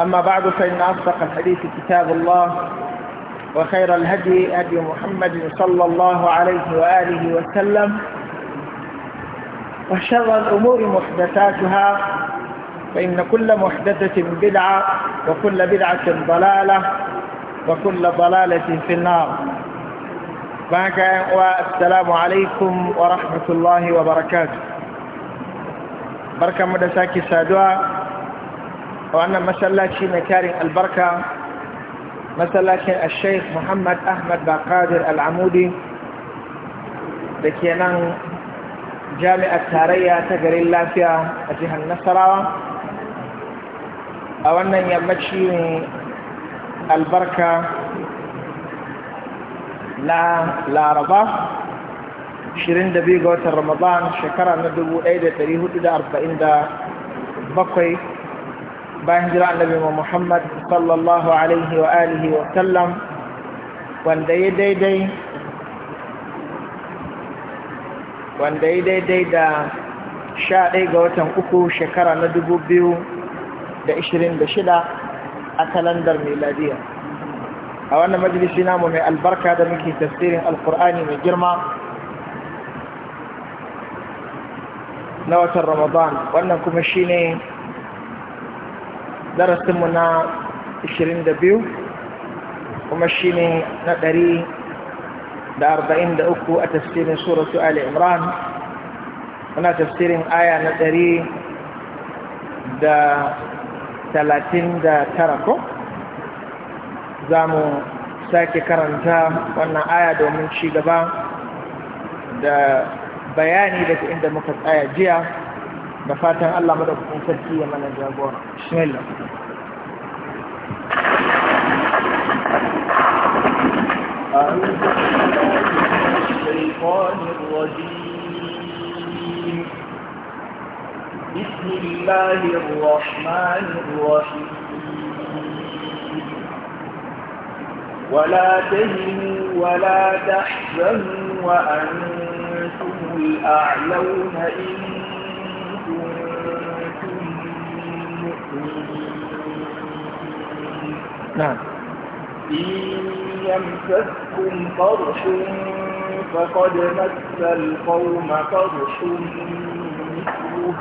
أما بعد فإن أصدق الحديث كتاب الله وخير الهدي هدي محمد صلى الله عليه وآله وسلم وشر الأمور محدثاتها فإن كل محدثة بدعة وكل بدعة ضلالة وكل ضلالة في النار معك والسلام عليكم ورحمة الله وبركاته بركة مدساكي سادوا a wannan masallaci mai tarin albarka masallacin al-sheikh muhammad ahmad bakadir al'amudi da ke nan jami'ar tarayya ta garin lafiya a jihar nasarawa a wannan yammaci albarka na laraba 22 ga watan ramadan shekara na 1447 bayan jira annabi Muhammad sallallahu alaihi wa alihi wa sallam wanda ya daidai wanda ya daidai da sha ɗaya ga watan uku shekara na dubu biyu da ishirin da shida a kalandar miladiya a wannan majalisi namu mai albarka da muke tafsirin alkur'ani mai girma na watan ramadan wannan kuma shine ne darasinmu na 22 kuma shi ne na 143 a tafsirin suratu Ali Imran muna tafsirin aya na da talatin tara ko za mu sake karanta wannan aya domin ci gaba da bayani daga inda muka tsaya jiya da fatan Allah madaukakin sarki ya mana jagora أعوذ من الشيطان الرجيم بسم الله الرحمن الرحيم ولا تهنوا ولا تحزنوا وأنتم الأعلون إن نعم إن يمسككم قرش فقد مس القوم قرش مثله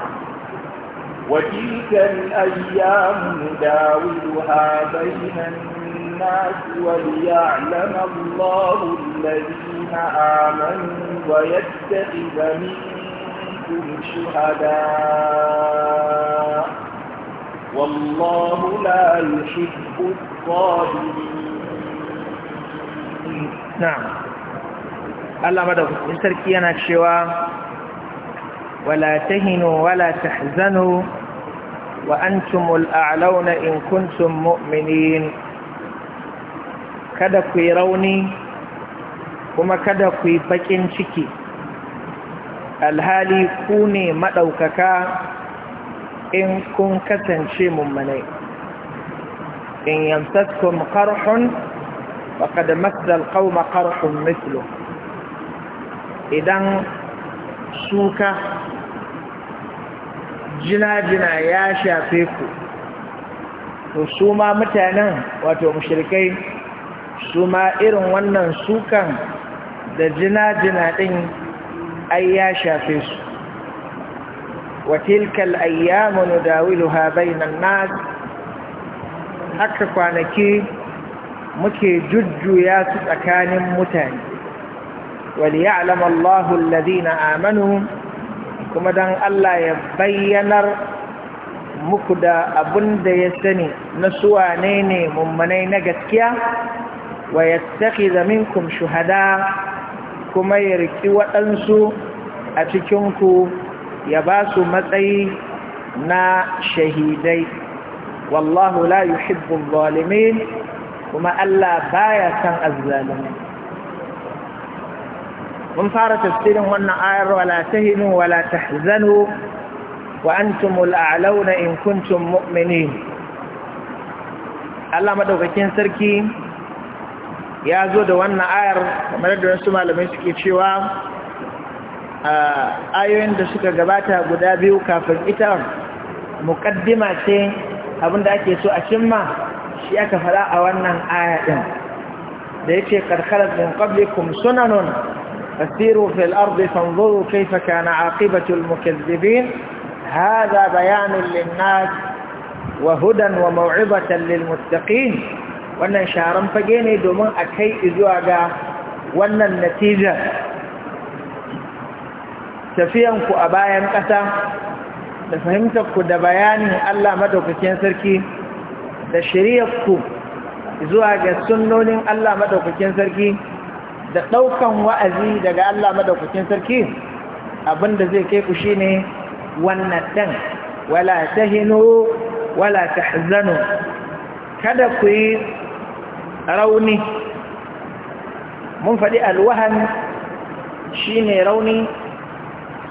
وتلك الأيام نداولها بين الناس وليعلم الله الذين آمنوا ويتخذ منكم شهداء والله لا يحب الظالمين نعم الله yana cewa wala wa antumul a'launa in kada ku yi rauni kuma kada ku yi bakin ciki alhali ku ne maɗaukaka in kun kasance mummanai in yamsaskum qarhun da matsal alqawma qarhun mislo, idan suka jina-jina ya shafe ku to su ma mutanen wato mashirkai su ma irin wannan sukan da jina-jina ɗin ai ya shafe su وتلك الأيام نداولها بين الناس haka kwanaki muke jujjuya su tsakanin mutane waliya'lam Allahu alladhina amanu kuma dan Allah ya bayyanar muku da abun da ya sani na suwa ne ne mummanai na gaskiya wa da minkum shuhada kuma ya riki waɗansu a cikinku ya ba su matsayi na shahidai wallahu la yuhibbu zalimin kuma Allah baya san azzalimin mun fara tafsirin wannan ayar wala tahinu wala tahzanu wa antumul a'launa in kuntum mu'minin Allah madaukakin sarki ya zo da wannan ayar kamar da wasu malamai suke cewa ayoyin da suka gabata guda biyu kafin ita mukaddima ce abinda ake so a cimma shi aka faɗa a wannan aya da yake karkarar min qablikum sunanun fasiru fil ardi fanzuru kayfa kana aqibatu al mukaththibin hadha bayanun lin nas wa hudan wa maw'izatan lil muttaqin wannan sharan fage ne domin a kai zuwa ga wannan natija tafiyanku a bayan ƙasa da fahimtarku da bayanin Allah madaukakin sarki da shiryarku zuwa ga sunnonin Allah madaukakin sarki da ɗaukan wa'azi daga Allah madaukakin sarki abin da zai kai ku shine wannan ɗan wala tahinu wala tahzanu kada ku yi rauni mun faɗi alwahan shine rauni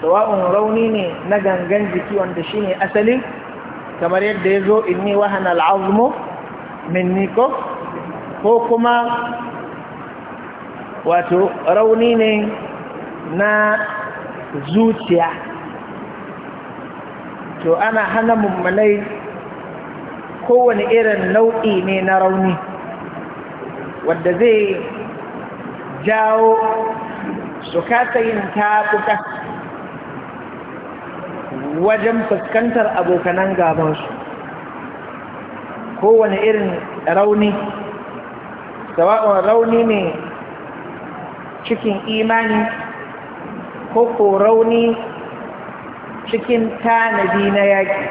sawa'un rauni ne na gangan jiki wanda shine asali kamar yadda ya zo inni wahana al'azmu minni ko ko kuma wato rauni ne na zuciya to ana hana mummalai kowane irin nau'i ne na rauni wadda zai jawo su kasa yin taɓuka wajen fuskantar abokanan gabansu kowane irin rauni sawa'un rauni ne cikin imani ko ko rauni cikin tanadi na yaki,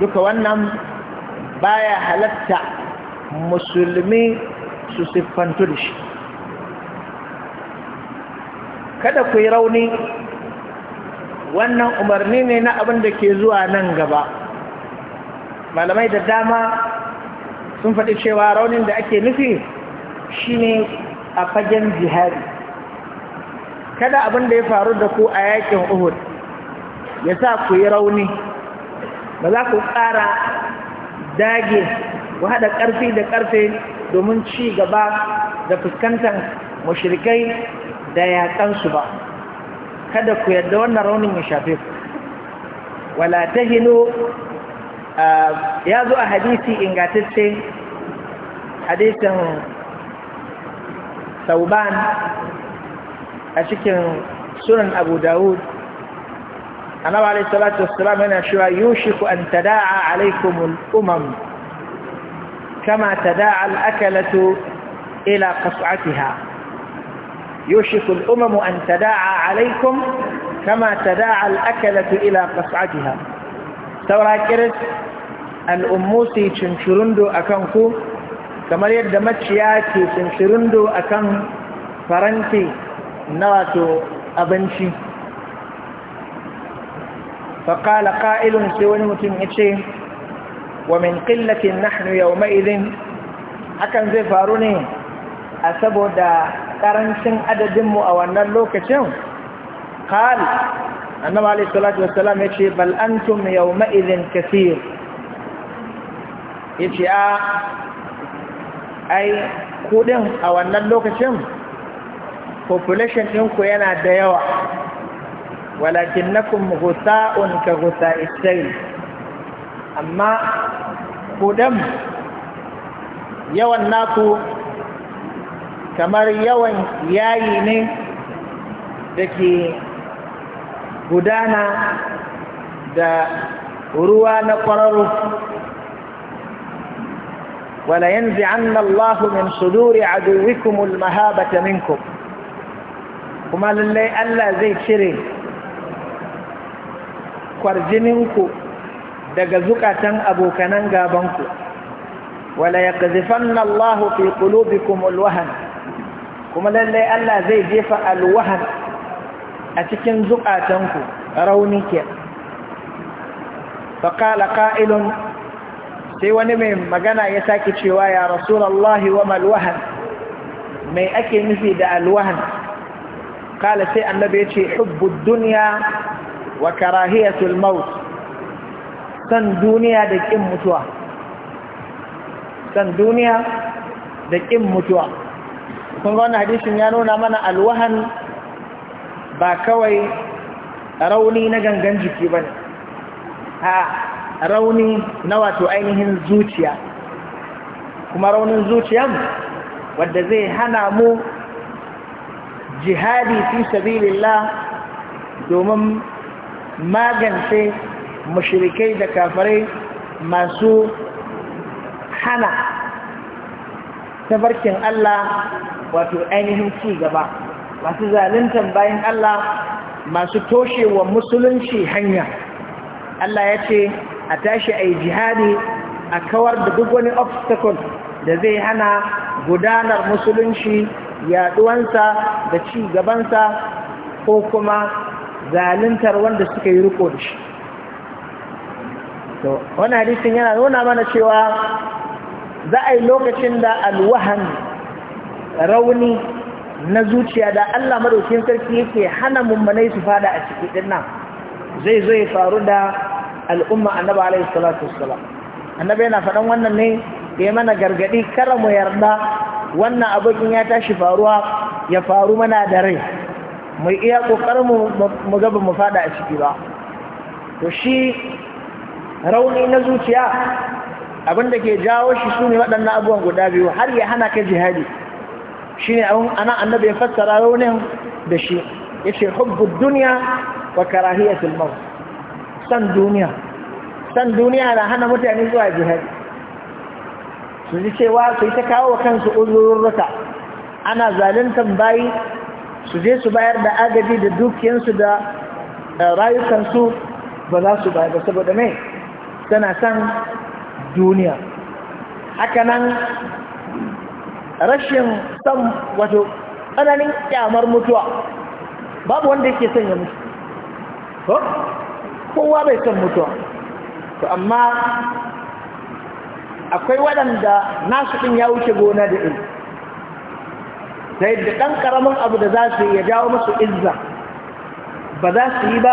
duka wannan baya halatta musulmi su siffantu da shi kada ku yi rauni wannan umarni ne na abin da ke zuwa nan gaba malamai da dama sun faɗi cewa raunin da ake nufi shine a fagen jihari kada abin da ya faru da ku a yakin uhud ya sa ku yi rauni ba za ku ƙara dage ku haɗa ƙarfi da ƙarfe domin ci gaba da fuskantar mashirikai da yaƙansu ba kada ku yadda wannan raunin ya shafe ku wala tahinu ya zo a hadisi ingatacce hadisin sauban a cikin sunan abu dawud annabi alayhi salatu wassalam yana cewa yushiku an tada'a alaykum al-umam kama tada'a al-akalatu ila qas'atiha يوشك الأمم أن تداعى عليكم كما تداعى الأكلة إلى قصعتها saura kiris al'ummu su yi cincirindo a kan ku kamar yadda maciya ke cincirindo a kan faranti na wato abinci faƙala ƙa'ilun sai wani mutum ya ce wa min ƙillakin nahnu yauma ma'izin hakan zai faru ne a saboda karancin adadinmu a wannan lokacin qal annabi alayhi salatu wassalam yace bal antum yawma idhin kaseer yace a ai kudin a wannan lokacin population ɗinku yana da yawa walakinnakum na kuma ka ghusaa'is isra'il amma kudan yawan naku kamar yawan yayi ne da ke gudana da ruwa na kwararo wala yanzu anna Allah min suduri aduwikum almahabata minkum kuma lallai Allah zai cire kwarjininku daga zukatan abokanan gabanku wala yaqzifanna Allah fi qulubikum alwahan kuma lallai Allah zai jefa alwahan a cikin zukatanku rauni ke faƙala ƙa'ilun sai wani mai magana ya sake cewa ya rasulallahi wa malwahan mai ake nufi da alwahan ƙala sai annabi ya ce hubbun duniya wa karahiyatul maut san duniya da ƙin mutuwa san duniya da ƙin mutuwa kun ga wannan hadisin ya nuna mana alwahan ba kawai rauni na gangan jiki ba ne rauni na wato ainihin zuciya kuma raunin zuciyan wadda zai hana mu jihadi fi sabilillah domin magance mushirikai da kafirai masu hana tabarkin Allah wato ainihin ci gaba masu zaluntar bayan Allah masu toshewa musulunci hanya Allah ya ce a tashi a yi jihadi a kawar da duk wani obstacle da zai hana gudanar musulunci yaduwansa da ci gabansa ko kuma zaluntar wanda suka yi riko da shi to wani hadisin yana nuna mana cewa za a yi lokacin da alwahani rauni na zuciya da Allah madaukin sarki yake hana mummanai su fada a ciki din nan zai zo ya faru da al'umma annabi alaihi salatu wassalam annabi yana faɗan wannan ne ya mana gargadi kar mu yarda wannan abokin ya tashi faruwa ya faru mana da rai mu iya kokarin mu mu gaba mu fada a ciki ba to shi rauni na zuciya abinda ke jawo shi sune waɗannan abubuwan guda biyu har ya hana ka jihadi shine ana annabi ya fassara raunin da shi yace hubbud duniya wa karahiyatul maut san duniya san duniya na hana mutane zuwa jihadi su ji cewa su yi ta kawo wa kansu uzurruka ana zaluntar bayi su je su bayar da agaji da dukiyansu da rayukansu ba za su bayar da saboda mai tana san duniya hakanan rashin san wato tsananin kyamar mutuwa babu wanda yake son ya mutu ko kowa bai son mutuwa to amma akwai waɗanda nasu ɗin ya wuce gona da iri da yadda ɗan ƙaramin abu da za su ya jawo musu izza ba za su yi ba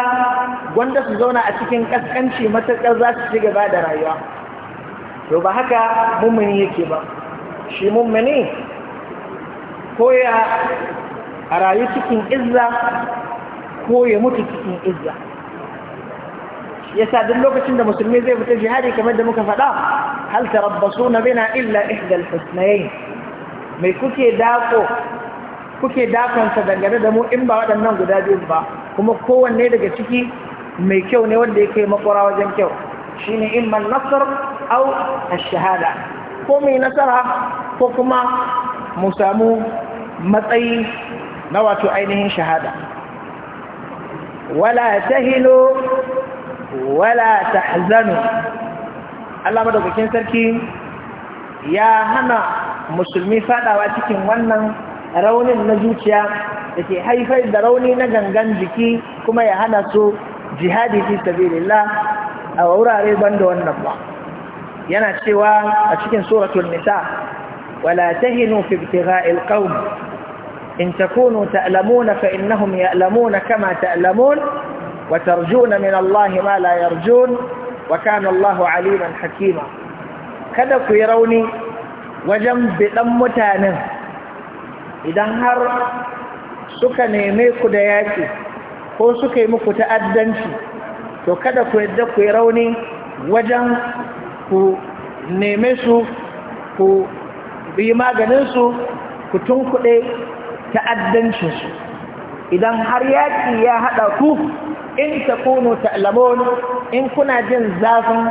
gwanda su zauna a cikin ƙasƙanci matuƙar za su ci gaba da rayuwa to ba haka mummuni yake ba shi mummuni ko ya a rayu cikin izza ko ya mutu cikin izza sa duk lokacin da musulmi zai fita jihadi kamar da muka faɗa hal na bina illa ihdal husnayn mai kuke dako kuke dakonsa dangane da mu in ba waɗannan guda biyu ba kuma kowanne daga ciki mai kyau ne wanda yake makwara wajen kyau shine imman nasar au ash-shahada ko mai nasara ko kuma mu samu matsayi na wato ainihin shahada wala tahilo wala tahzanu Allah madaukakin sarki ya hana musulmi fadawa cikin wannan raunin na zuciya da ke haifar da rauni na gangan jiki kuma ya hana su jihadi fi sabilillah a wurare banda wannan ba yana cewa a cikin suratul nisa wala tahinu fi ibtigha'il qawm in takunu ta'lamuna fa innahum ya'lamuna kama ta'lamun wa tarjuna min Allah ma la yarjun wa kana Allah aliman hakima kada ku yi rauni wajen bidan mutanen idan har suka neme ku da yaki ko suka yi muku ta'addanci to kada ku yadda ku yi rauni wajen ku neme su ku bi maganinsu ku tunkuɗe ta'addancinsu idan har yaƙi ya haɗa ku in ta kunu ta'lamun in kuna jin zafin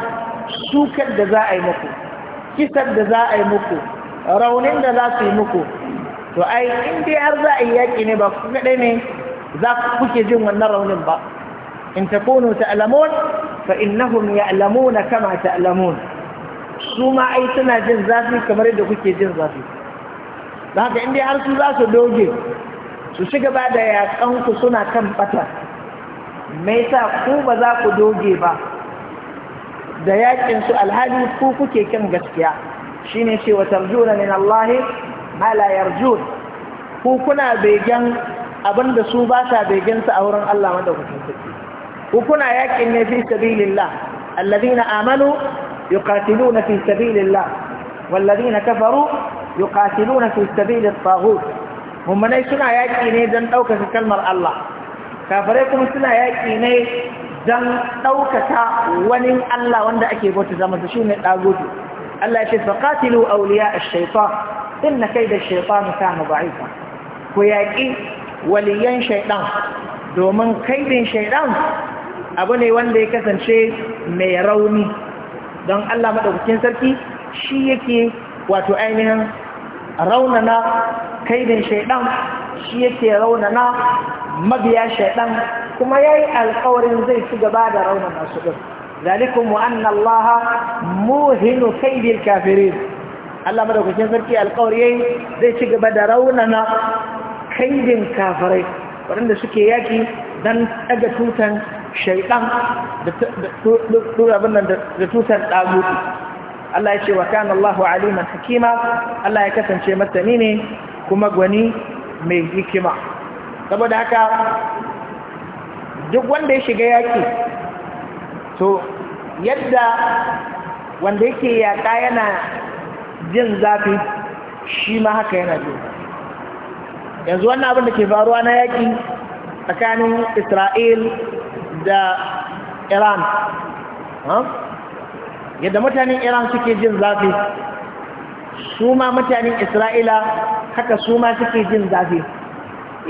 sukar da za a yi muku kisar da za a yi muku raunin da za su yi muku to ai in dai har za a yi yaƙi ne ba ku kaɗai ne za ku kuke jin wannan raunin ba in takunu ta'lamun fa innahum na kama ta'lamun su ma ai suna jin zafi kamar yadda kuke jin zafi don haka inda har su za su doge su shiga ba da yaƙanku suna kan bata mai sa ku ba za ku doge ba da yaƙin su alhali ku kuke kan gaskiya shine ce wa tarjuna min Allah ma la yarjun ku kuna begen abinda su ba ta begen a wurin Allah madaukakin sarki ku kuna yakin ne fi sabilillah alladhina amanu yuqatiluna fi sabilillah walladhina kafaru yuqatiluna fi sabilit taghut mummunai suna yaƙi ne don ɗaukaka kalmar Allah Kafarai kuma suna yaƙi ne don ɗaukaka wani Allah wanda ake bauta zama da shi ne Allah ya ce faƙatilu auliya a shaifa in na kai da shaifa mu kama ku yaƙi waliyan shaiɗan domin kaidin shaiɗan abu ne wanda ya kasance mai rauni don Allah maɗaukakin sarki shi yake wato ainihin raunana kaidin shaidan shi yake raunana mabiya shaidan kuma ya yi alkawarin zai ci gaba da raunana su ɗin zalikun mu'anna Allah muhinu kaidin kafirin Allah maɗaukakin sarki alkawari zai ci gaba da raunana kaidin kafirai waɗanda suke yaki don ɗaga tutan Shaiɗan da abin nan da tutar Allah ya ce wa kan Allahu aliman hakima Allah ya kasance matani ne kuma gwani mai hikima saboda haka duk wanda ya shiga yaki to yadda wanda yake yaƙa yana jin zafi shi ma haka yana jin yanzu wannan abin da ke faruwa na yaƙi tsakanin isra'il da iran yadda mutanen iran suke jin zafi su ma mutanen isra'ila haka su ma suke jin zafi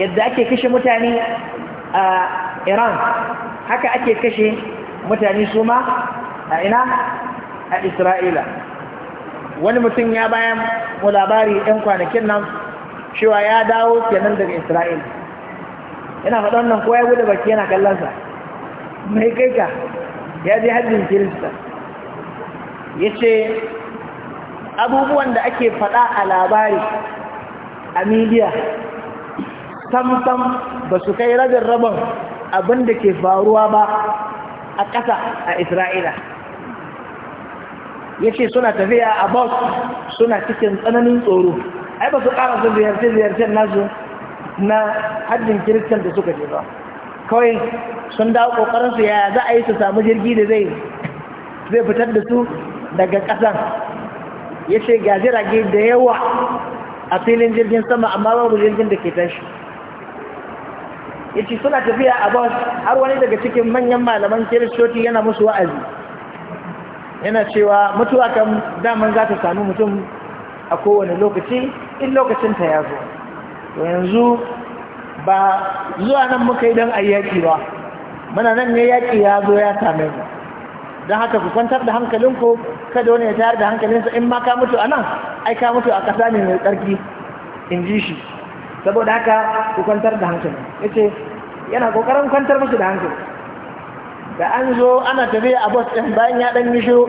yadda ake kashe mutane a iran haka ake kashe mutane su ma a ina a isra'ila wani mutum ya bayan mu labari 'yan kwanakin nan cewa ya dawo kenan daga isra'ila yana faɗa nan ko ya gudu baki yana kallon sa. mai kai ka ya je hajjin kirista ya ce abubuwan da ake faɗa a labari a midiya tamtam ba su kai rabin rabin abin da ke faruwa ba a ƙasa a isra'ila ya ce suna tafiya a bus suna cikin tsananin tsoro ai ba su ƙara su ziyarce nasu na hajjin kiristan da suka je ba kawai sun dawo kokarin su yaya za a yi su samu jirgi da zai zai fitar da su daga ƙasan ya ce ga jirage da yawa a filin jirgin sama amma babu jirgin da ke tashi ya ce suna tafiya a bus har wani daga cikin manyan malaman kiristoci yana musu wa'azi yana cewa mutuwa kan daman za ta sami mutum a kowane lokaci in lokacinta ya zo yanzu ba zuwa nan muka yi don a yaƙi ba mana nan ne yaƙi ya zo ya same mu don haka ku kwantar da hankalinku kada wani ya tayar da hankalinsa in ma ka mutu a nan ai ka mutu a ƙasa ne mai tsarki in ji shi saboda haka ku kwantar da hankali ya ce yana ƙoƙarin kwantar musu da hankali da an zo ana tafiya a bus ɗin bayan ya ɗan yi shiru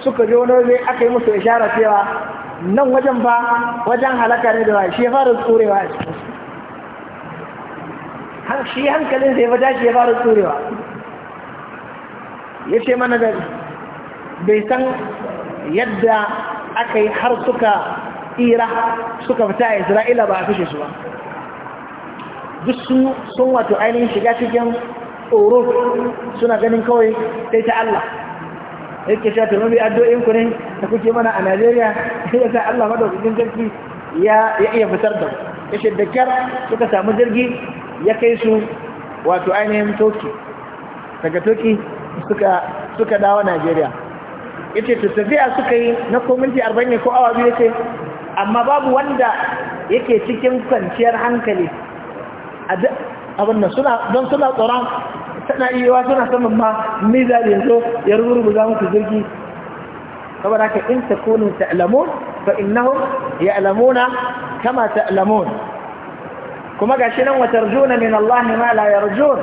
suka je wani waje aka yi musu ishara cewa nan wajen ba wajen halaka ne da wa shi ya fara tsurewa a su shi hankalin zai fata shi ya fara tsurewa ya ce mana da bai san yadda aka yi har suka ira suka fita a isra'ila ba a kashe su ba duk su sun wato ainihin shiga cikin tsoro suna ganin kawai sai ta Allah yake cewa ta mabi addu'in ku ne da kuke mana a Najeriya sai ya sa Allah madaukakin sarki ya iya fitar da ku. ya da suka samu jirgi ya kai su wato ainihin toki daga toki suka dawo najeriya ya ce ta tafiya suka yi na kominti arba'in ko awa biyu ce amma babu wanda yake cikin kwanciyar hankali abin da suna don suna tsoron tana iyawa suna saman ma mizal yanzu ya rubuta musu jirgi saboda ka in takunu ta'lamun fa innahum ya'lamuna kama ta'lamun kuma gashi nan wa tarjuna min Allah ma la yarjun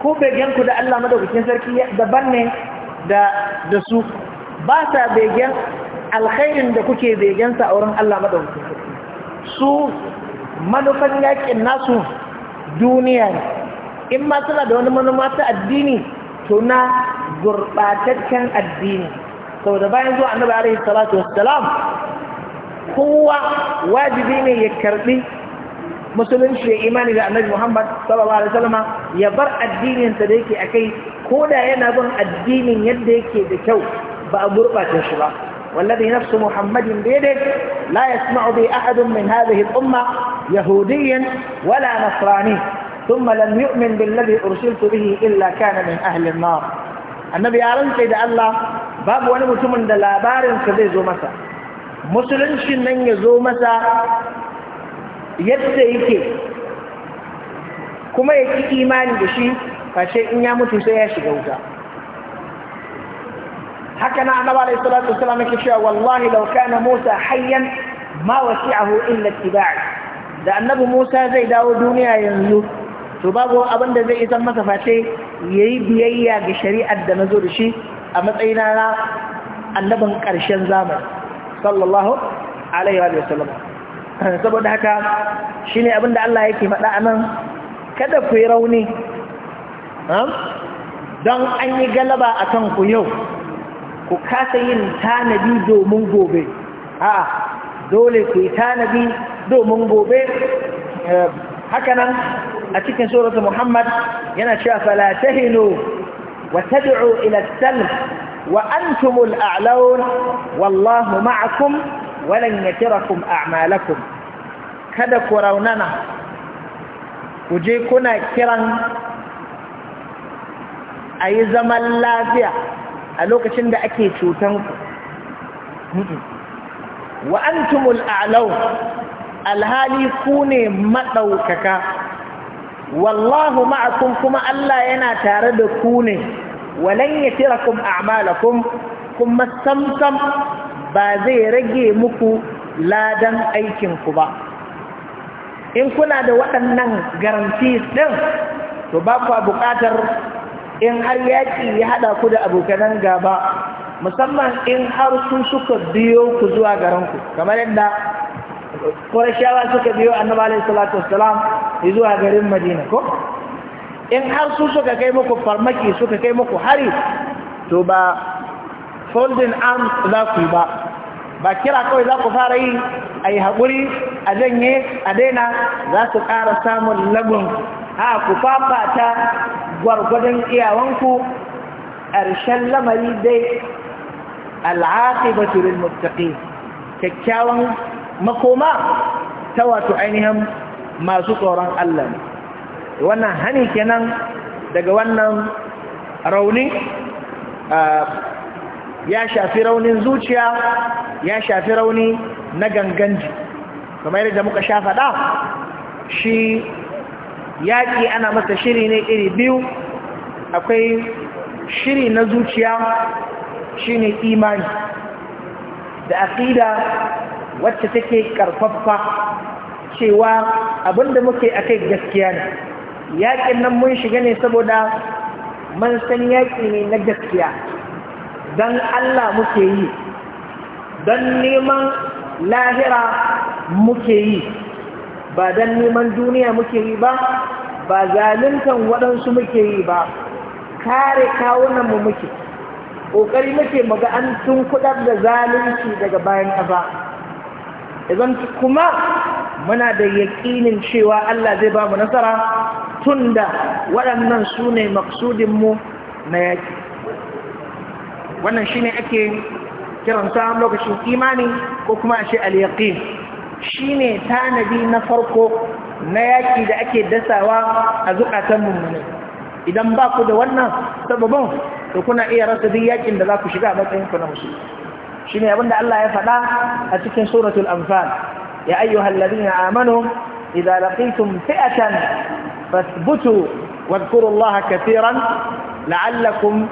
ku begen ku da Allah madaukakin sarki daban ne da da su ba sa begen alkhairin da kuke begen sa a wurin Allah madaukakin sarki su manufan yakin nasu duniya ne in ma suna da wani manufa ta addini to na gurɓataccen addini saboda bayan zuwa annabi alaihi salatu wassalam kowa wajibi ne ya karɓi musulunci ya imani da annabi Muhammad sallallahu alaihi wasallam ya bar addinin da yake a kai ko da yana bin addinin yadda yake da kyau ba a gurbata shi ba wallahi nafsu muhammadin da yake la yasma'u bi ahadin min hadhihi al-umma yahudiyyan wala nasrani thumma lam yu'min billadhi ursiltu bihi illa kana min ahli annabi ya rantsa da Allah babu wani mutumin da labarinsa zai zo masa musuluncin nan ya zo masa yadda yake kuma ya ki imani da shi fashe in ya mutu sai ya shiga wuta haka na annaba alaihi salatu wasallam yake cewa wallahi law kana musa hayyan ma wasi'ahu illa ittiba' da annabi musa zai dawo duniya yanzu to babu abin da zai isan masa face yayi biyayya ga shari'ar da nazo da shi a matsayina na annabin ƙarshen zamani sallallahu alaihi wa sallam saboda haka shine abin da Allah yake faɗa anan kada ku yi rauni don an yi galaba a kan ku yau ku kasa yin tanadi domin gobe a dole ku yi tanadi domin gobe eh, hakanan a cikin suratu muhammad yana cewa falatahino wa tad'u ila salm wa antumul a'laun wallahu ma'akum walan yatirakum a'malakum kada ku raunana ku je kuna kiran a yi zaman lafiya a lokacin da ake cutan ku wa alhali ku ne madaukaka wallahu ma'akum kuma Allah yana tare da ku ne walan yatirakum a'malakum kuma samsam ba zai rage muku ladan aikin ku ba in kuna da waɗannan garanti ɗin to ba ku buƙatar in har yaƙi ya haɗa ku da abokanan gaba musamman in har sun suka biyo ku zuwa garinku kamar yadda ƙwarashawa suka biyo annaba alaihi salatu wasalam zuwa garin madina ko in har su suka kai muku farmaki suka kai muku hari to ba folding arms za ku ba ba kira kawai za ku fara yi a yi haƙuri a janye a daina za su ƙara samun lagun ha ku fafata gwargwadon iyawanku ƙarshen lamari dai al'aƙibatu lil muttaqin kyakkyawan makoma ta wato ainihin masu tsoron Allah ne wannan hani kenan daga wannan rauni ya shafi raunin zuciya ya shafi rauni na ganganji kamar yadda muka sha faɗa shi yaƙi ana masa shiri ne iri biyu akwai shiri na zuciya shi ne imani da aƙida wacce take ƙarfafa cewa abinda muke akai gaskiya ne yaƙin nan mun shiga ne saboda man san yaƙi ne na gaskiya don Allah muke yi don neman lahira muke yi ba don neman duniya muke yi ba ba zaluntan waɗansu muke yi ba kare kawunanmu muke ƙoƙari muke maga an tun kudar da zalunci daga bayan ƙasa idan kuma muna da yaƙinin cewa Allah zai ba mu nasara tun da waɗannan su ne maksudinmu na yaƙi wannan shi ne ake kiransa lokacin imani ko kuma a ce al-yaƙin shi ne tanadi na farko na yaƙi da ake dasawa a zukatan mummuni idan ba ku da wannan sababin da kuna iya rasa duk yaƙin da za ku shiga a matsayinku na musulmi shine abinda Allah ya faɗa a cikin suratul anfal ya ayyuhal ladina amanu idza laqitum fi'atan fathbutu واذكروا الله كثيرا لعلكم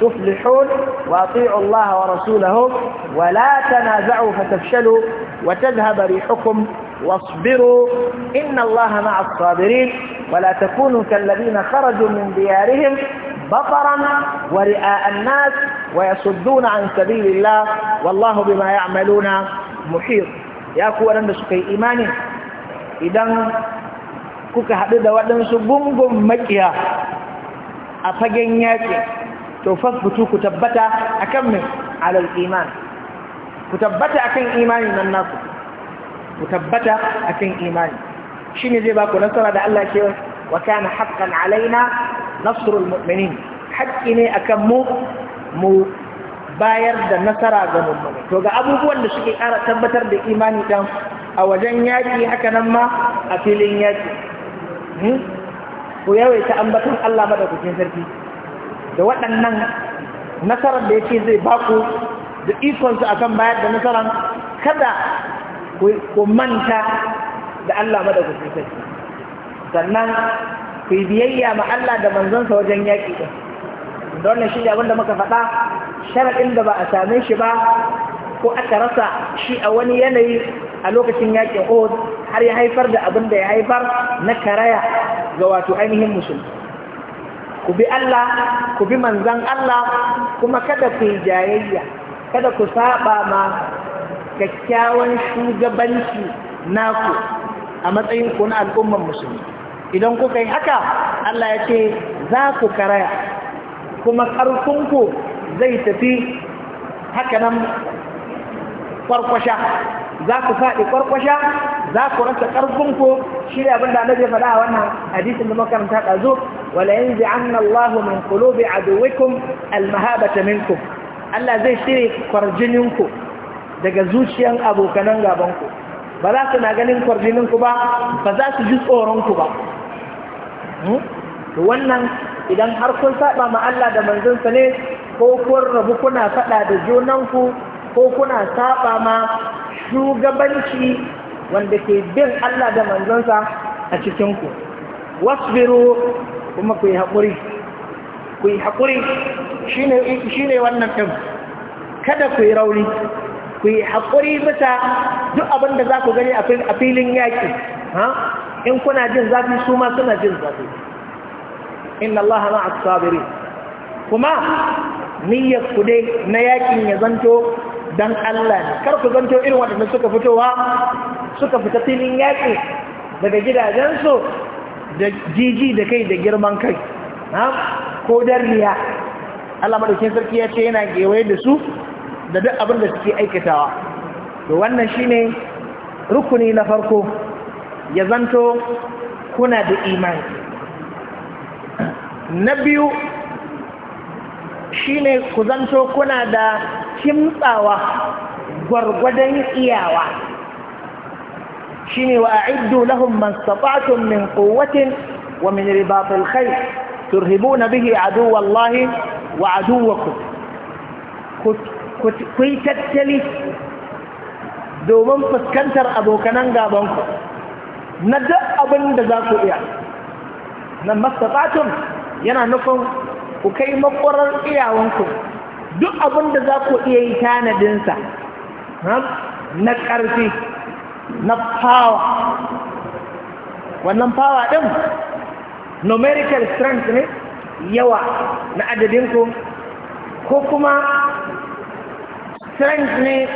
تفلحون واطيعوا الله ورسوله ولا تنازعوا فتفشلوا وتذهب ريحكم واصبروا إن الله مع الصابرين ولا تكونوا كالذين خرجوا من ديارهم بطرا ورئاء الناس ويصدون عن سبيل الله والله بما يعملون محيط يا كوان da suka yi imani idan kuka haɗu da waɗansu gungun makiya a fagen yaƙi to fasbutu ku tabbata akan min alal ku tabbata akan imani shi ne zai ba ku nasara da Allah ke wa kana alaina al mu'minin haƙƙi ne akan mu mu bayar da nasara ga mummuni to ga abubuwan da suke ƙara tabbatar da imani dan a wajen yaƙi haka nan ma a filin yaƙi hmm? ku yawaita ambaton Allah da madaukakin sarki da waɗannan nasarar da yake zai baku da ikonsu akan bayar da nasarar kada ku manta da Allah madaukakin sarki sannan ku yi biyayya ma Allah da manzonsa wajen yaƙi ɗin wannan shi abin da muka faɗa sharaɗin da ba a same shi ba ko aka rasa shi a wani yanayi a lokacin yaƙin Uhud har ya haifar da abin da ya haifar na karaya ga wato ainihin musulmi ku bi Allah ku bi manzan Allah kuma kada ku yi jayayya kada ku saba ma kyakkyawan shugabanci naku a matsayin ku na al'ummar musulmi idan kuka yi haka Allah ya ce za ku karaya kuma ƙarfinku zai tafi haka nan ƙwarƙwasha za ku faɗi ƙwarƙwasha za ku rasa ƙarfinku shi ne abinda annabi ya faɗa a wannan hadisin da makaranta ɗazu wala yanzu anna Allahu min qulubi aduwikum almahabata minkum Allah zai shiri kwarjininku daga zuciyan abokanan gabanku ba za su na ganin kwarjininku ba ba za su ji tsoronku ba Hmm? to wannan idan har kun saba ma Allah da manzonsa ne ko kun rabu kuna faɗa da junanku ko kuna saba ma shugabanci wanda ke bin Allah da manzonsa a cikinku wasbiru kuma ku yi haƙuri ku yi haƙuri shi ne wannan ɗin kada ku yi rauni ku yi haƙuri bisa duk abin da za ku gani a filin yaƙi in kuna jin zafi su ma suna jin zafi inna allaha ma'a sabiri kuma niyyar ku dai na yakin ya zanto dan Allah ne kar ku zanto irin waɗanda suka fitowa suka fita filin yaƙi daga gidajensu da jiji da kai da girman kai ko dariya Allah madaukin sarki ya ce yana gewaye da su da duk abin da suke aikatawa to wannan shine rukuni na farko ya zanto kuna da imani na biyu shine ku zanto kuna da kimtsawa gwargwadon iyawa ne wa a'iddu lahum man stata'tum min quwwatin wa min ribatil khayl turhibuna bihi aduwwa wa aduwwakum ku yi tattali domin fuskantar abokanan gabanku na duk abin da za ku iya nan mastafatun yana nufin ku kai makwarar iyawanku duk abin da za ku iya yi tanadinsa na ƙarfi na fawa wannan fawa ɗin numerical strength ne yawa na adadinku ko kuma strength ne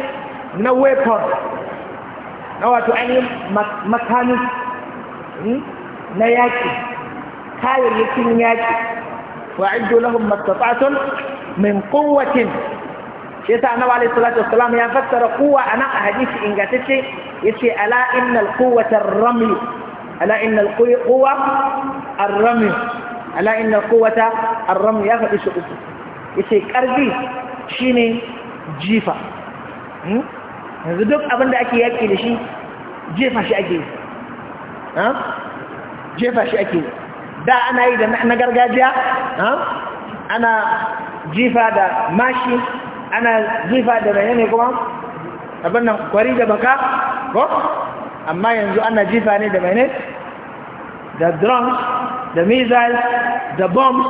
na weapon na wato ainihin makamin hmm, na yaƙi kayayyakin yaƙi wa iddu lahum mastata'tum min quwwatin shi yasa annabi alaihi salatu wassalam ya fassara quwwa anan a hadisi ingantacce ya ala innal quwwata ar-ramy ala innal quwwa a ramy ala innal kowata a ramy ya faɗi shi uku yace shi ne jifa hmm? yanzu duk abin da ake yaƙi da shi jefa shi ake jefa shi ake da ana yi da na gargajiya ana jifa da mashi ana jifa da ne kuma abin nan kwari da baka ko amma yanzu ana jifa ne da bayane da drums da missiles da bombs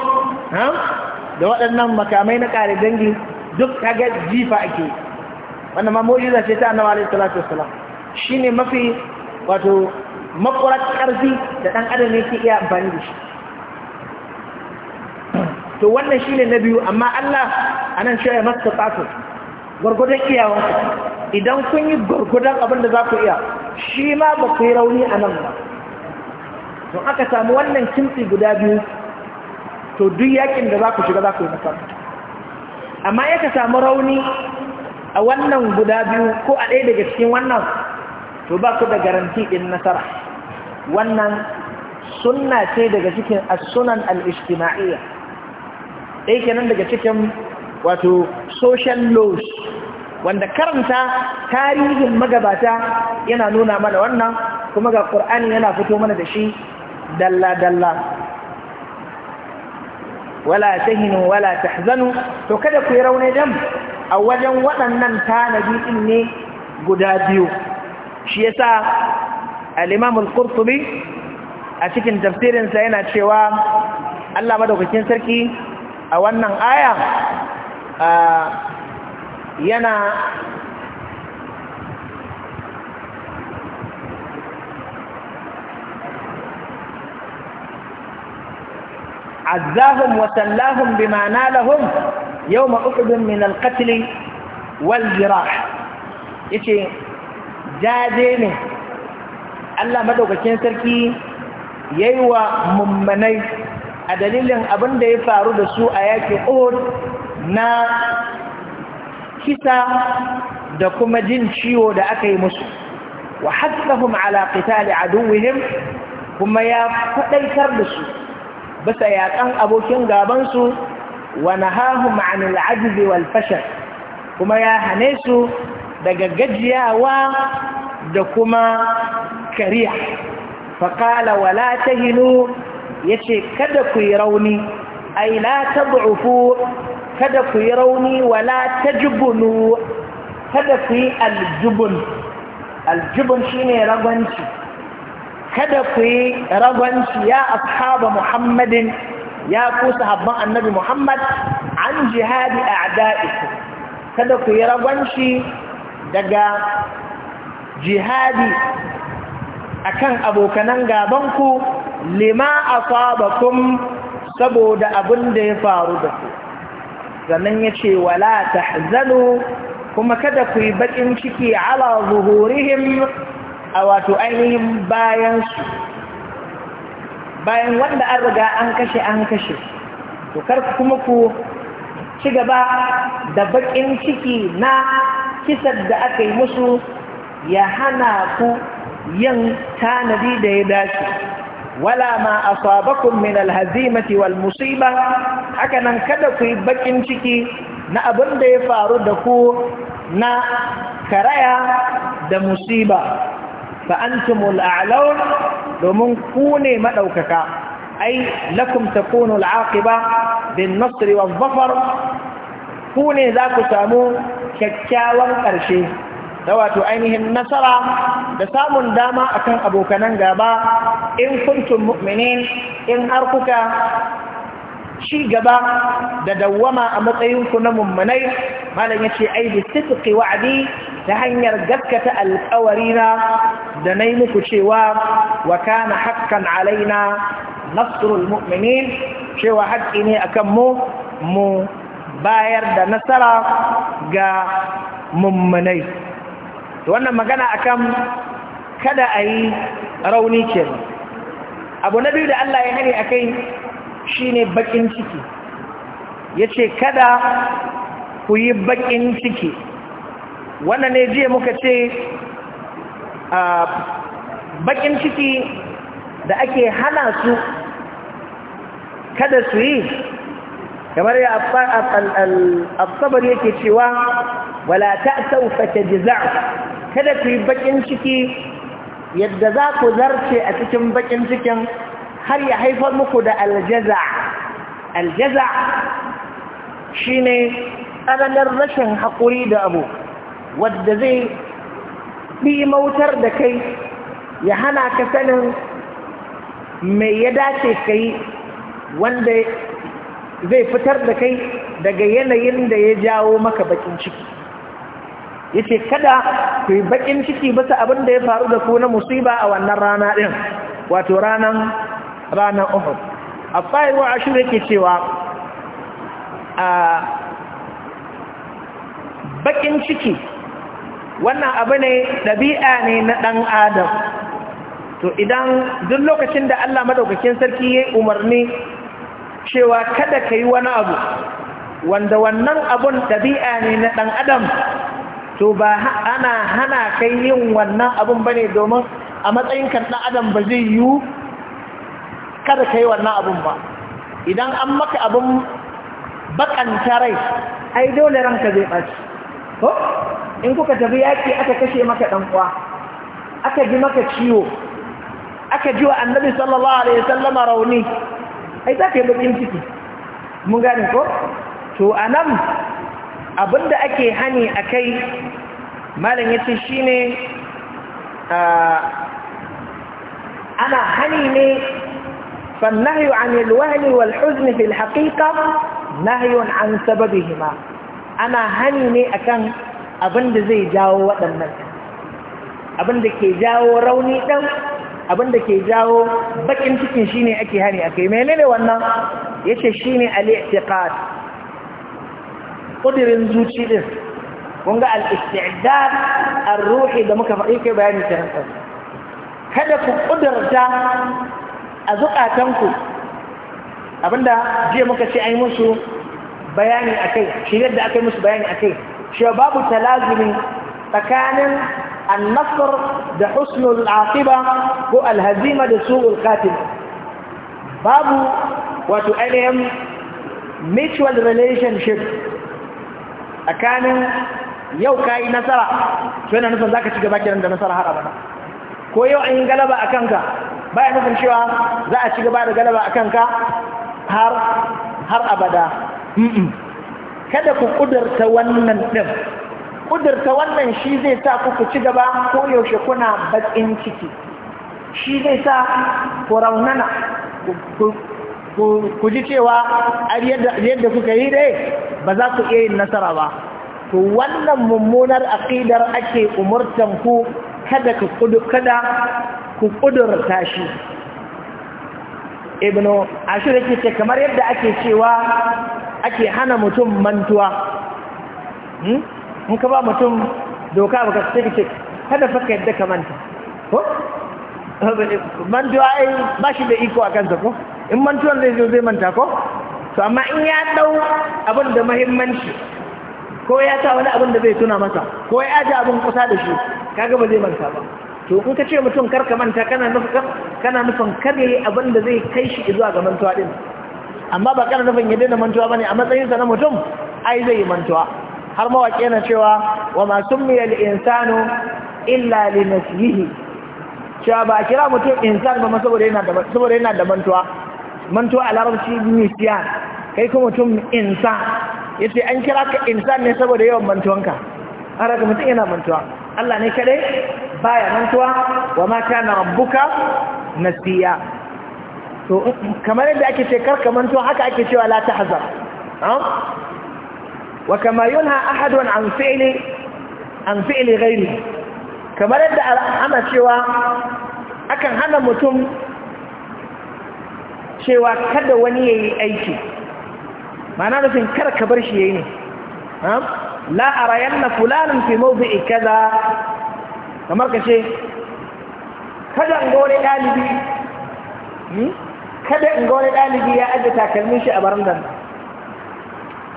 da waɗannan makamai na ƙare dangi duk kaga jifa ake wannan ma mu'jiza ce ta annabi alaihi salatu wassalam shine mafi wato makwarar karfi da dan adam ne ke iya amfani da shi to wannan shine na biyu amma Allah anan shi ya masa tsatu gurgudan ku. idan kun yi gurgudan abin da za ku iya shi ma ba ku yi rauni a nan ba to aka samu wannan kimtsi guda biyu to duk yakin da za ku shiga za ku yi masa amma ya ka samu rauni a wannan guda biyu ko a ɗaya daga cikin wannan to ba ku da garanti ɗin nasara wannan sunna ce daga cikin asunan sunan al ke ɗaya daga cikin wato social laws wanda karanta tarihin magabata yana nuna mana wannan kuma ga ƙur'ani yana fito mana da shi dalla-dalla wala tahinu wala tahzanu to kada ku yi rauni dam a wajen waɗannan tanadi din ne guda biyu shi yasa al-Imam al-Qurtubi a cikin tafsirinsa yana cewa Allah madaukakin sarki a wannan aya yana عزاهم وسلاهم بما نالهم يوم أحد من القتل والجراح يتي جادين الله مدوك كنسركي ييوى ممني أدليل أبن دي فارد سوء آيات أود نا kisa da kuma jin ciwo da aka yi musu wa haddahum ala qitali aduwwihim kuma ya fadaitar da su bisa yaƙan abokin gabansu wa nahahum anil ajzi wal kuma ya hane su daga gajiyawa da kuma kariya faƙala wala tahinu yace kada ku yi rauni ai la tad'ufu kada ku yi rauni wala tajbunu kada ku yi aljibun shi shine ragonci. kada ku yi ragwanci ya ashaba muhammadin ya ku sahabban annabi muhammad an jihadi a ada'iku kada ku yi ragwanci daga jihadi akan abokanan gabanku lima asabakum saboda abin da ya faru da ku sannan ya ce wala tahzanu kuma kada ku yi baƙin ciki ala zuhurihim a wato ainihin bayansu bayan wanda an riga an kashe an kashe to kar kuma ku ci gaba da bakin ciki na kisar da aka yi musu ya hana ku yin tanadi da ya dace wala ma asabakum min alhazimati wal musiba haka nan kada ku yi bakin ciki na abin da ya faru da ku na karaya da musiba fa antumul domin ku ne ai lakum takunu al'aqiba bin nasr wal zafar ku ne za ku samu kyakkyawan ƙarshe da wato ainihin nasara da samun dama akan abokanan gaba in kuntum mu'minin in harkuka, shi ci gaba da dawwama a matsayinku na mummunai malam yace ai bi sidqi wa'di ta hanyar gaskata alƙawarina da na yi muku cewa wa kana haƙƙan alaina nasrul mu'minin cewa haƙƙi ne akan mu mu bayar da nasara ga mummunai wannan magana akan kada a yi rauni ke abu na biyu da Allah ya hari a kai shi ne baƙin ciki ya ce kada ku yi baƙin ciki wannan ne jiya muka ce a bakin ciki da ake hana su kada su yi kamar ya asabar yake cewa wala ta saufa ta jiza kada ku yi bakin ciki yadda za ku zarce a cikin bakin cikin har ya haifar muku da aljaza aljaza shi ne tsananin rashin haƙuri da abu wadda zai ɗimautar da kai ya hana ka sanin mai ya dace ka yi wanda zai fitar da kai daga yanayin da ya jawo maka bakin ciki ya ce kada ku yi bakin ciki bisa abin da ya faru da ku na musiba a wannan rana ɗin wato ranan ranar uhud a fayarwa a shirya ke cewa a ah, bakin ciki wannan abu ne ɗabi'a ne na ɗan adam to idan duk lokacin da Allah maɗaukakin sarki ya umarni cewa kada ka yi wani abu wanda wannan abun ɗabi'a ne na ɗan adam to ba ana hana kai yin wannan abun ba ne domin a matsayin kan ɗan adam ba zai yiwu kada ka yi wannan abun ba idan an maka abun baƙanta rai ai dole ranka zai ɓaci in kuka tafi yaƙi aka kashe maka ɗanƙwa aka ji maka ciwo aka ji wa annabi sallallahu alaihi wasallama rauni ai za ka yi bakin ciki mun gane ko to a nan abinda ake hani a kai malam ya ce shi ne ana hani ne فالنهي عن الوهن والحزن في الحقيقة نهي عن سببهما أنا هني أكن abinda zai jawo waɗannan abinda ke jawo rauni ɗan abinda ke jawo bakin cikin shine ake hani a kai ne wannan yace shine al-i'tiqad kudirin zuci din kun ga al-isti'dad ruhi da muka faɗi kai bayani ta nan kada ku kudirta a zukatanku abinda jiya muka ce ai musu bayani akai shigar da akai musu bayani akai cewa babu talazumi tsakanin annasar da husnul aqiba ko alhazima da su'ul qatil babu wato ainihin mutual relationship tsakanin yau ka yi nasara to yana nufin za ka ci gaba kiran da nasara har abada ko yau an yi galaba a kanka baya nufin cewa za a ci gaba da galaba a kanka har abada kada ku kudurta wannan ɗin ƙudurta wannan shi zai sa ku ku ci gaba ko yaushe kuna baƙin ciki shi zai sa ku raunana ku ji cewa yadda kuka yi dai ba za ku iya yin nasara ba to wannan mummunar aƙidar ake umurtan ku kada ku kudurta shi ibnu ashir yake ce kamar yadda ake cewa ake hana mutum mantuwa hmm? in ka ba mutum doka ba ka cikin kada fa ka yadda ka manta ko mantuwa ai ba shi da iko a kansa ko in mantuwan zai zo zai manta ko to amma in ya dau abin da muhimmanci ko ya ta wani abin da zai tuna masa ko ya aje abin kusa da shi kaga ba zai manta ba to in ka ce mutum karka manta kana nufin kana nufin kada yi abin da zai kai shi zuwa ga mantuwa din amma ba kana nufin ya daina mantuwa bane a matsayinsa na mutum ai zai yi mantuwa har mawaƙi yana cewa wa ma summiya al-insanu illa li nafsihi cewa ba kira mutum insan ba saboda yana da saboda yana da mantuwa mantuwa a larabci nisyan kai kuma mutum insan yace an kira ka insan ne saboda yawan mantuwanka har ka mutum yana mantuwa Allah ne kadai baya mantuwa wa ma kana rabbuka nasiya to kamar yadda ake ce kar kamanto haka ake cewa la tahzar wa kama yunha ahadun an fi'li an fi'li ghairi kamar yadda ana cewa akan hana mutum cewa kada wani yayi aiki ma'ana nufin kar ka bar shi yayi ne la arayanna fulanin fi mawdi'i kaza kamar ka ce kada in ga wani dalibi hmm? kada in ga wani ɗalibi ya ajiye takalmin shi a barandar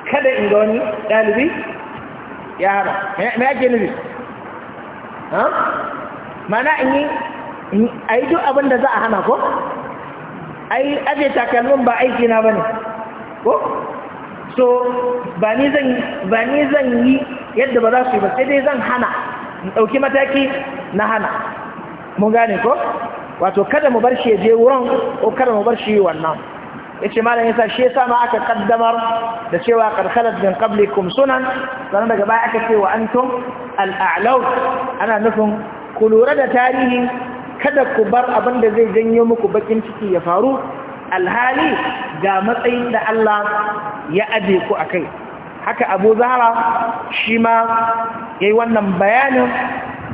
kada in ga wani ɗalibi ya hana me ake nufi mana in yi a yi duk abin da za a hana ko yi aje takalmin ba aiki na ba ne, ko so ba ni zan ba ni zan yi yadda ba za su yi ba sai dai zan hana in ɗauki mataki na hana mun gane ko wato kada mu bar shi je wurin ko kada mu bar shi wannan yace malam yasa shi yasa ma aka kaddamar da cewa karkalat min qablikum sunan sannan daga baya aka ce wa antum al-a'law ana nufin ku lura da tarihi kada ku bar abin da zai janyo muku bakin ciki ya faru alhali ga matsayin da Allah ya aje ku akai haka abu zahara shi ma ya yi wannan bayanin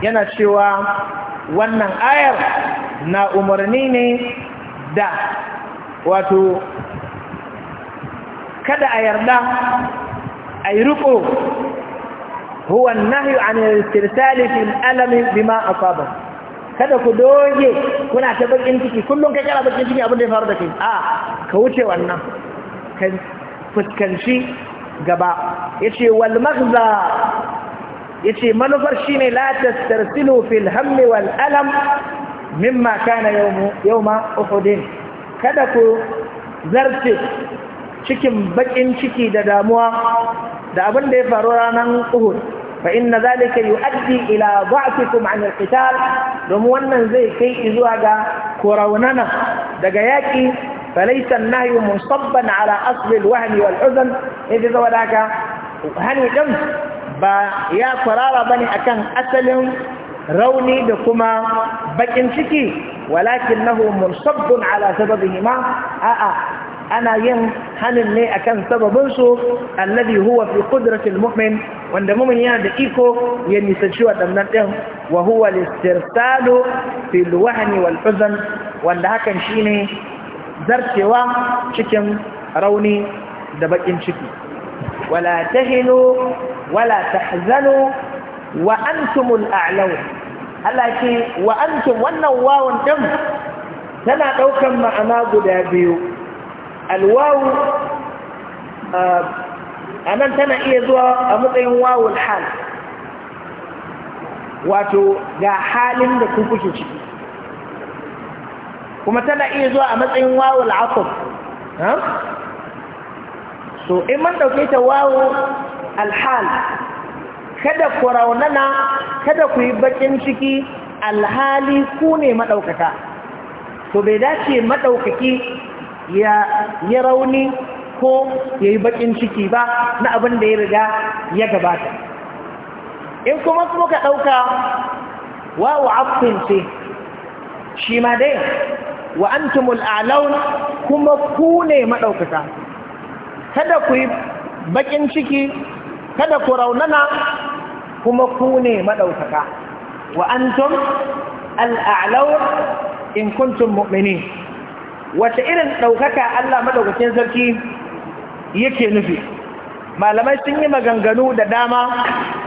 yana cewa wannan ayar na umarni ne da wato kada a yarda a yi riko huwan nahi an irsali fil alami bima asaba kada ku doge kuna ta bakin ciki kullum kai kana bakin ciki abin da ya faru da kai a ka wuce wannan ka fuskanci gaba yace wal maghza yace manufar shine la tastarsilu fil hammi wal alam mimma kana yawmu yawma uhud kada ku zarce cikin bakin ciki da damuwa da abin da ya faru ranar uhud fa inna zalika yuaddi ila da'fikum an al-qital domin wannan zai kai zuwa ga koraunana daga yaki فليس النهي منصبا على أصل الوهم والحزن إذا ذلك هني دم با يا قرار بني أكن أسل روني بكما بكن شكي ولكنه منصب على سببهما آآ أنا ين هنن لي أكن سبب الذي هو في قدرة المؤمن وأن المؤمن يهد إيكو ينسجوا دمنته وهو الاسترسال في الوهن والحزن وأن هكا شيني zarcewa cikin rauni da bakin ciki wala tahinu wala tahzanu wa antumul a'laun Allah ce wa antum wannan wawun din tana daukan ma'ana guda biyu alwawu anan tana iya zuwa a matsayin wawul hal wato ga halin da ku kuke ciki kuma tana iya zuwa a matsayin a atuf so in man dauke ta wawu alhal kada ku raunana kada ku yi bakin ciki alhali ku ne maɗaukata, to bai dace maɗaukaki ya rauni ko ya yi bakin ciki ba na abin da ya riga ya gabata in kuma muka ɗauka wawu afin ce shi ma dai wa antumul a'laun kuma ku ne madaukaka kada ku yi bakin ciki kada ku raunana kuma ku ne madaukaka wa antum al-a'laun in kuntum mu'minin wata irin ɗaukaka Allah maɗaukakin sarki yake nufi malamai sun yi maganganu da dama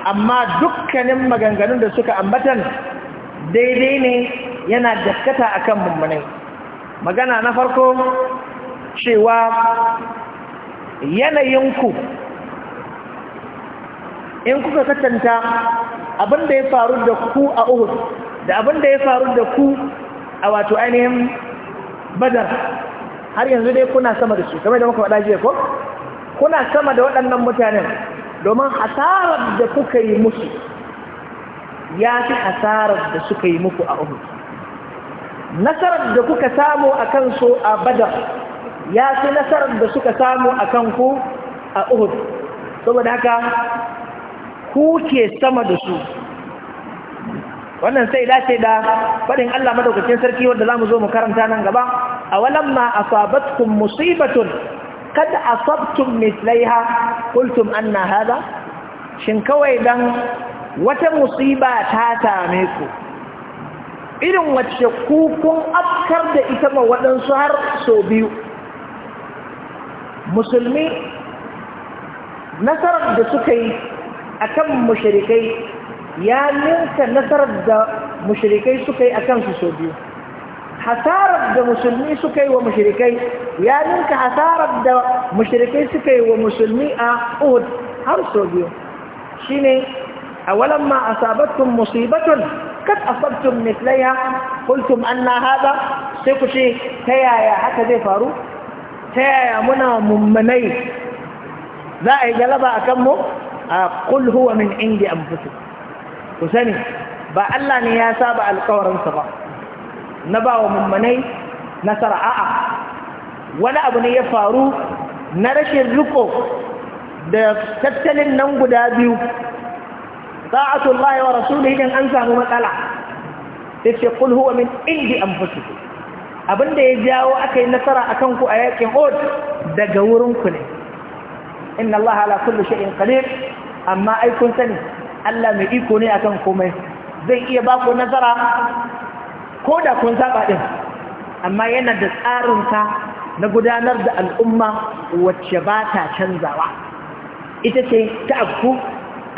amma dukkanin maganganun da suka ambatan daidai ne yana daskata akan mummunai magana na farko cewa yanayinku in kuka katanta abin da ya faru da ku a uhud da abin da ya faru da ku a wato ainihin badar har yanzu dai kuna sama da su kama da muka faɗa ko kuna sama da waɗannan mutanen domin hasarar da kuka yi musu ya fi hasarar da suka yi muku a uhud nasarar da kuka samu a kansu a badar ya fi nasarar da suka samu a kanku a uhud saboda haka ku ke sama da su wannan sai dace da faɗin Allah madaukakin sarki wanda za mu zo mu karanta nan gaba a walamma asabatkum musibatun kad asabtum kultum qultum anna hada shin kawai dan wata musiba ta same ku irin wacce kukun afkar da ita ma waɗansu har sau biyu musulmi nasarar da suka yi a kan mashirikai ya ninka nasarar da mashirikai suka yi a kansu sau biyu hasarar da musulmi suka yi wa mashirikai ya ninka hasarar da mashirikai suka yi wa musulmi a uhud har sau biyu shi ne a walamma asabattun musibatun kad asabtum mithlaiha qultum anna hada sai ku ce ta yaya haka zai faru ta yaya muna mummunai za a yi galaba a kanmu a kul huwa min indi anfusikum ku sani ba Allah ne ya saba alkawarinsa ba na ba wa mummunai nasara a'a wani abu ne ya faru na rashin riko da tattalin nan guda biyu ta'atullahi wa rasulihi din an samu matsala sai ce kul huwa min indi anfusikum da ya jawo aka yi nasara akan ku a yakin od daga wurin ku ne inna Allah ala kulli shay'in qadir amma ai kun sani Allah mai iko ne akan komai zai iya ba ku nasara ko da kun saba din amma yana da tsarin sa na gudanar da al'umma wacce ba ta canzawa ita ce ta afku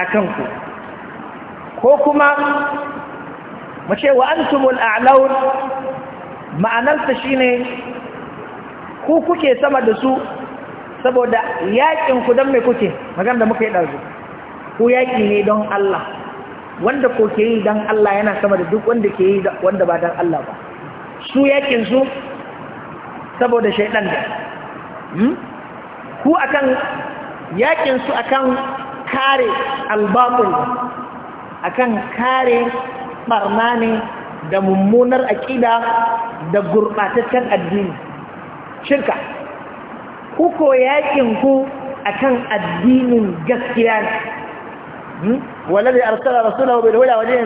a ku. ko kuma mu ce wa antumul a'laun ma'anarsa shine ku kuke sama da su saboda yakin ku don me kuke magana da muka yi ɗazu ku yaki ne don Allah wanda ko ke yi don Allah yana sama da duk wanda ke yi wanda ba don Allah ba su yakin su saboda shaidan da hmm? ku akan yakin su akan kare albabul akan kare barna ne da mummunar aƙida da gurɓataccen addini shirka kuko a akan addinin gaskiya ne hmm? wallazi arsala rasulahu bil wajen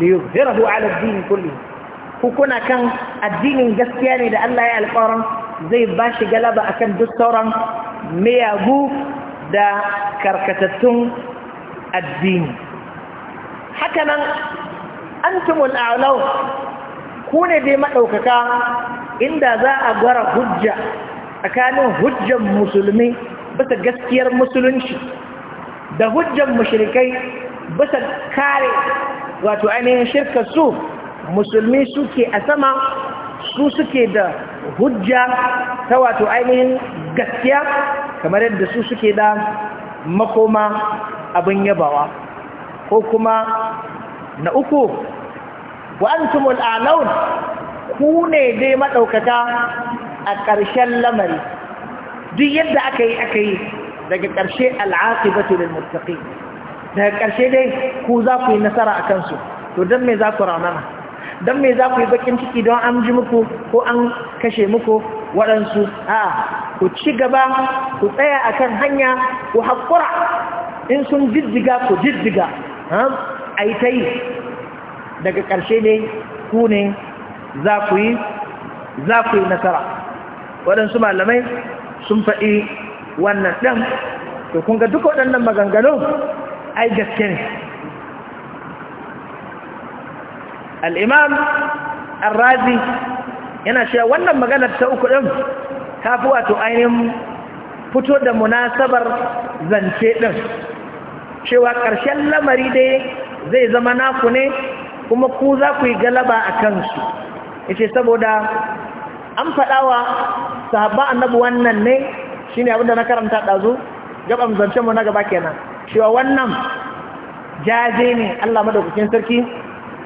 yin dinil da yi ala ad addinin kulle Kukuna kan addinin gaskiya ne da Allah ya alƙawarin zai bashi galaba akan duk sauran miyagu da karkatattun addini haka nan antumul a'law ku ne dai maɗaukaka inda za a gwara hujja tsakanin hujjan musulmi bisa gaskiyar musulunci da hujjan mashirikai bisa kare wato ainihin shirkar su musulmi suke a sama su suke da hujja ta wato ainihin gaskiya kamar yadda su suke da makoma abin yabawa ko kuma na uku wa antumul alaun ku ne dai maɗaukata a ƙarshen lamari duk yadda aka yi aka yi daga ƙarshe al'aqibatu lil muttaqin daga ƙarshe dai ku za ku yi nasara akan su to dan me za ku raunana dan me za ku yi bakin ciki don an ji muku ko an kashe muku waɗansu a'a ku ci gaba ku tsaya akan hanya ku haƙura in sun jijjiga ku jijjiga a yi ta yi daga ƙarshe ne ku ne za ku yi za ku yi nasara waɗansu malamai sun faɗi wannan ɗan to kun ga duka waɗannan maganganu ai gaske ne al'imam al-razi yana cewa wannan maganar ta uku ɗin ta fi wato ainihin fito da munasabar zance ɗin cewa ƙarshen lamari dai zai zama naku ne kuma ku za ku yi galaba a kansu yace saboda an faɗawa sahabba annabi wannan ne shine abin da na karanta ɗazu gaba zancen mu na gaba kenan cewa wannan jaje ne Allah madaukakin sarki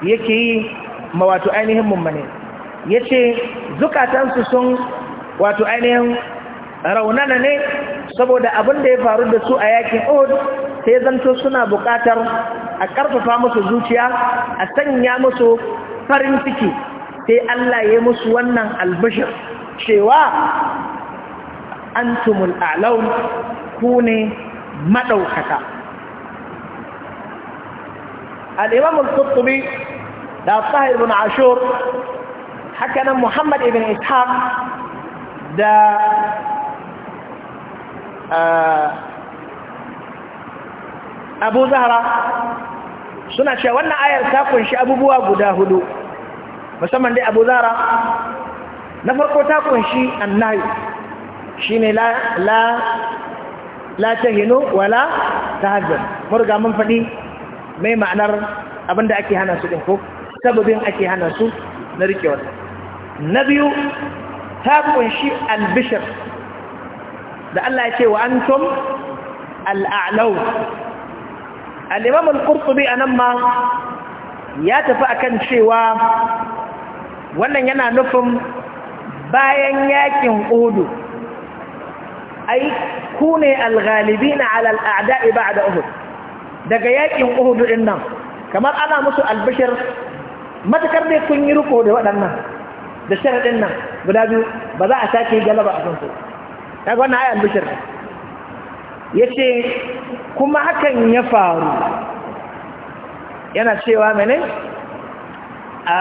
yake yi ma wato ainihin mummane yace zukatansu sun wato ainihin raunana ne saboda abin da ya faru da su a yakin od sai zanto suna buƙatar a ƙarfafa musu zuciya a sanya musu farin ciki sai Allah ya musu wannan albishir cewa antumul a'laun ku ne madaukaka al-imam da tahir ibn ashur hakanan muhammad ibn ishaq da abu zahara suna cewa wannan ayar ta kunshi abubuwa guda hudu musamman dai abu zahara na farko ta kunshi annahi shi ne la ta hino wala ta hajjar murga mun faɗi mai ma'anar abinda ake hana su ɗin ko sababin ake hana su na rikewar na biyu ta kunshi albishir da Allah ya ce wa antum al'a'lau al'imam al'urtubi a nan ma ya tafi akan cewa wannan yana nufin bayan yakin udu ai ku ne al'alibi na al'ada'i ba da uhud daga yakin uhudu ɗinnan nan kamar ana musu albishir matakar dai kun yi riko da waɗannan da sharaɗin nan guda biyu ba za a sake galaba a kansu daga wannan ayan bishir ya ce kuma hakan ya faru yana cewa mene a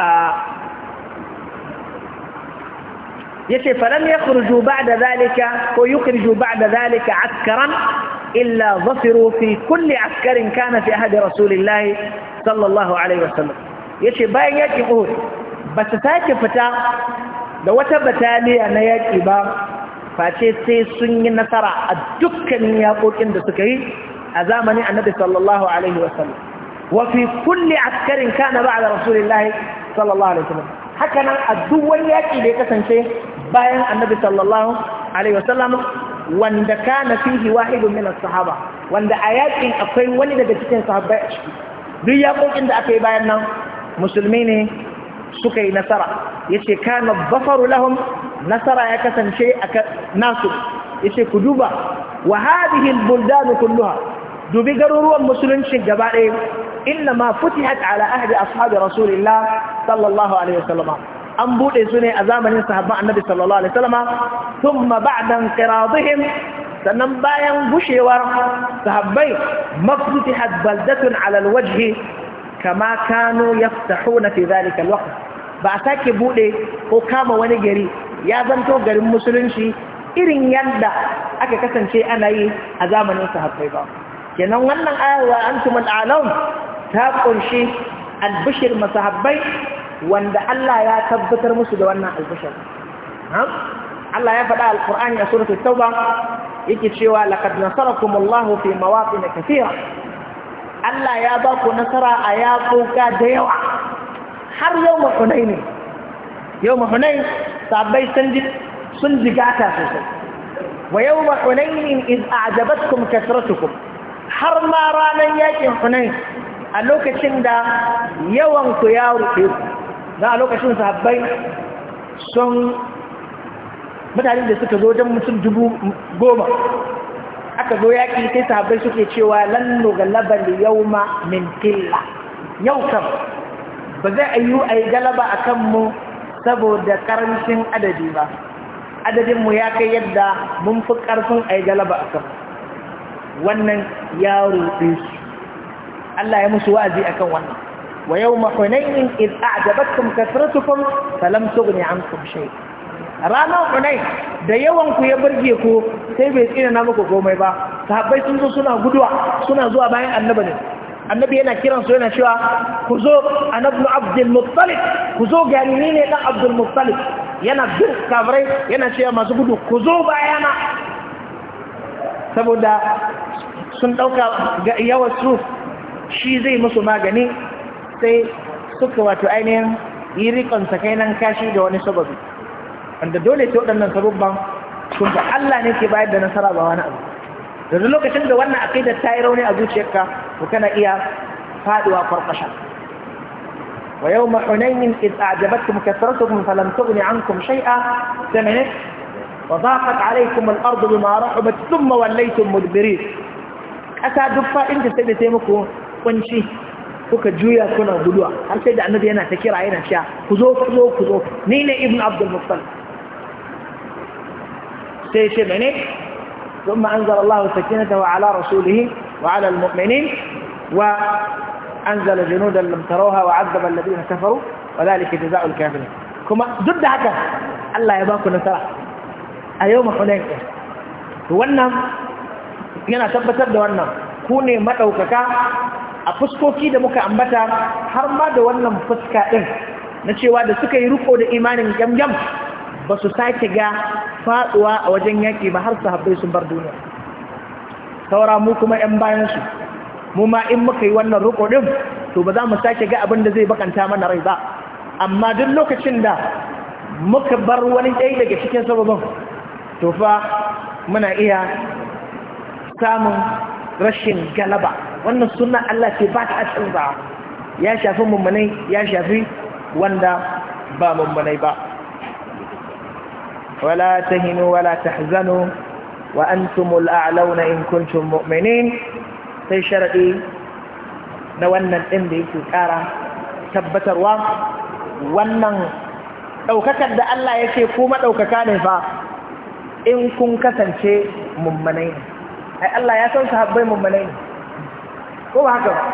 ya ce faɗan ya kurju ba da zalika ko yi kurju ba da zalika askaran illa zafiru fi kulle askarin kana fi ahadi rasulillahi sallallahu alaihi wasallam ya ce bayan yaƙi uhud ba su sake fita da wata bataliya na yaƙi ba face sai sun yi nasara a dukkanin yaƙoƙin da suka yi a zamanin annabi sallallahu alaihi wasallam wa fi kulli askarin kana ba'da rasulillahi sallallahu alaihi wasallam haka nan a duk wani yaƙi da ya kasance bayan annabi sallallahu alaihi wasallam wanda kana fihi wahidun min as-sahaba wanda a yaƙin akwai wani daga cikin sahabbai a ciki duk yaƙoƙin da aka yi bayan nan musulmi ne suka yi nasara yace kana zafaru lahum nasara ya kasance nasu yace ku duba wa hadhihi kulluha dubi garuruwan musulunci gaba ɗaya inna ma futihat ala ahdi ashabi rasulillah sallallahu alaihi wasallam an bude su ne a zamanin sahabban annabi sallallahu alaihi wasallam thumma ba'da inqiradihim sannan bayan bushewar sahabbai mafutihat baldatun ala alwajhi kama kano yaftahuna fi zalika alwaqt ba a sake bude ko kama wani gari ya zanto garin musulunci irin yadda aka kasance ana yi a zamanin sahabbai ba kenan wannan ayawa antum al'alam ta kunshi albishir masahabbai wanda Allah ya tabbatar musu da wannan albishir Allah ya faɗa alqur'ani a suratul tauba yake cewa laqad nasarakumullahu Allahu fi mawaqin kathira Allah ya ba ku nasara a yaƙoƙa da yawa har yau mahunai ne yau mahunai sabai sun jigata sosai wa yau mahunai ne iz ajabatkum kasratukum har ma ranar yaƙin hunai a lokacin da yawanku ya rufe ku za a lokacin sahabbai sun mutane da suka zo don mutum dubu goma aka zo yaƙi sai sahabbai suke cewa lan nugalaba yawma min qilla yau kam ba zai ayyu ai galaba akan mu saboda karancin adadi ba adadin mu ya kai yadda mun fi karfin ai galaba akan wannan ya ruɗe su Allah ya musu wa'azi akan wannan wa yawma hunain id a'jabatkum kathratukum falam tughni ankum shay'a Rana kunai da yawan ku ya burge ku sai bai tsina na muku komai ba sahabbai sun zo suna guduwa suna zuwa bayan annabi ne annabi yana kiran su yana cewa ku zo annabi abdul muttalib ku zo ga ni ne dan abdul muttalib yana bin kafirai yana cewa masu gudu ku zo bayana saboda sun dauka yawa su shi zai musu magani sai suka wato ainihin yi rikon sakainan kashi da wani sababi wanda dole ce wadannan sabubban sun fa Allah ne ke bayar da nasara ba wani abu yanzu lokacin da wannan aqida ta yi rauni a zuciyarka to kana iya faduwa farkasha wa yawma hunayn id a'jabatkum kathratukum falam tughni ankum shay'a samina wa daqat alaykum al ard bima rahabat thumma wallaytum mudbirin kasa duk fa'in da sai sai muku kunci kuka juya kuna guduwa har sai da annabi yana ta kira yana cewa ku zo ku zo ku zo ni ne ibnu abdul muttalib سيشي ثم أنزل الله سكينته على رسوله وعلى المؤمنين وأنزل جنودا لم تروها وعذب الذين كفروا وذلك جزاء الكافرين كما ضد هكا الله يباكو نسرع أيوم حنين wannan yana tabbatar da wannan ku ne madaukaka a fuskoki da muka ambata har ma da wannan fuska din na cewa da suka ba su sake ga faduwa a wajen yaki ba har sahabbai sun bar duniya saura mu kuma 'yan bayansu mu ma in muka yi wannan roƙo to ba za mu sake ga abin da zai bakanta mana rai ba amma duk lokacin da muka bar wani ɗaya daga cikin sababin to fa muna iya samun rashin galaba wannan sunan Allah ce ba ta ba ya shafi mummunai ya shafi wanda ba mummunai ba ولا تهنوا ولا تحزنوا وأنتم الأعلون إن كنتم مؤمنين في شرعي نوانا اندي في كارة تبت الواق وانا ɗaukakar da Allah ya ce kuma ɗaukaka ne fa in kun kasance mummanai ne Allah ya san sahabbai haka ba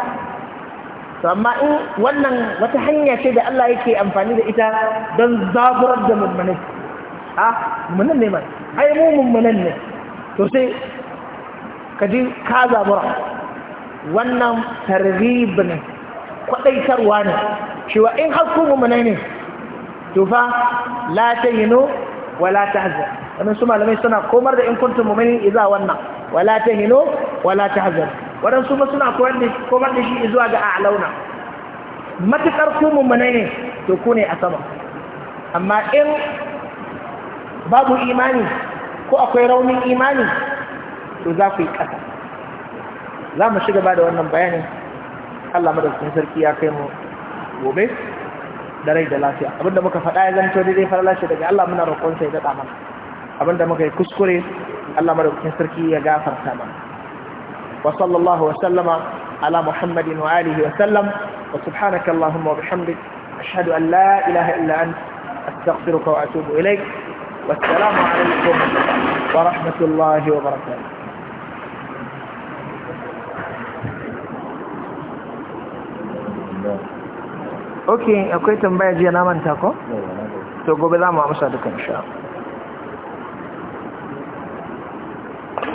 to amma in wannan wata hanya ce da Allah yake amfani da ita don zaburar da mummanai a mummunan ne mai ai mu mummunan ne to sai ka ji ka zabura wannan targhib ne kwadaitarwa ne cewa in har ku mummunai ne to fa la tahinu wa la tahzan wannan su malamai suna komar da in kuntum mu'minin iza wannan wa la tahinu wa la tahzan wannan su suna koyar da komar da shi zuwa ga a'launa matakar ku mummunai ne to ku ne a sama amma in babu imani ko akwai raunin imani to za ku yi ƙasa za mu shiga ba da wannan bayanin Allah madaukakin sarki ya kai mu gobe da rai da lafiya abinda muka faɗa ya zanto daidai fara lashe daga Allah muna roƙonsa ya daɗa mana abinda muka yi kuskure Allah madaukakin sarki ya gafarta mana wa sallallahu wa sallama ala muhammadin wa alihi wa sallam wa subhanaka allahumma wa bihamdik ashhadu an la ilaha illa anta astaghfiruka wa atubu ilaik والسلام عليكم ورحمة الله وبركاته ok akwai tambaya jiya na manta ko? to gobe za mu amsa duka insha